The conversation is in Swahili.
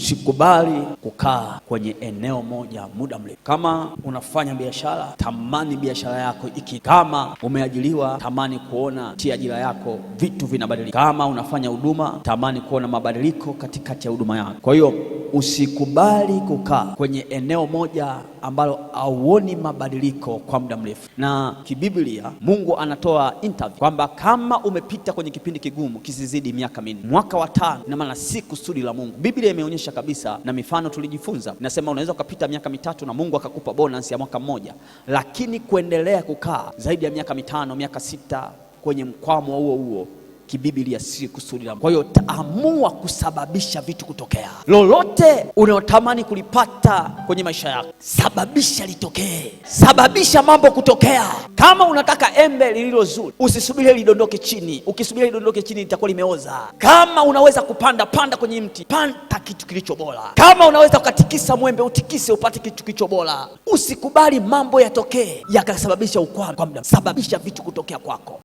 Usikubali kukaa kwenye eneo moja muda mrefu. Kama unafanya biashara, tamani biashara yako iki. Kama umeajiliwa, tamani kuona ti ajira yako vitu vinabadilika. Kama unafanya huduma, tamani kuona mabadiliko katikati ya huduma yako. Kwa hiyo usikubali kukaa kwenye eneo moja ambalo hauoni mabadiliko kwa muda mrefu. Na kibiblia Mungu anatoa interview kwamba kama umepita kwenye kipindi kigumu kisizidi miaka minne, mwaka wa tano, ina maana si kusudi la Mungu. Biblia imeonyesha kabisa, na mifano tulijifunza inasema, unaweza ukapita miaka mitatu na Mungu akakupa bonus ya mwaka mmoja, lakini kuendelea kukaa zaidi ya miaka mitano, miaka sita kwenye mkwamo huo huo kibiblia si kusudi la Mungu. Kwa hiyo taamua kusababisha vitu kutokea. Lolote unayotamani kulipata kwenye maisha yako, sababisha litokee, sababisha mambo kutokea. Kama unataka embe lililo zuri, usisubiri lidondoke chini. Ukisubiri lidondoke chini, litakuwa limeoza. Kama unaweza kupanda, panda kwenye mti, panda kitu kilicho bora. Kama unaweza ukatikisa mwembe, utikise upate kitu kilicho bora. Usikubali mambo yatokee yakasababisha ukwame kwa muda, sababisha vitu kutokea kwako.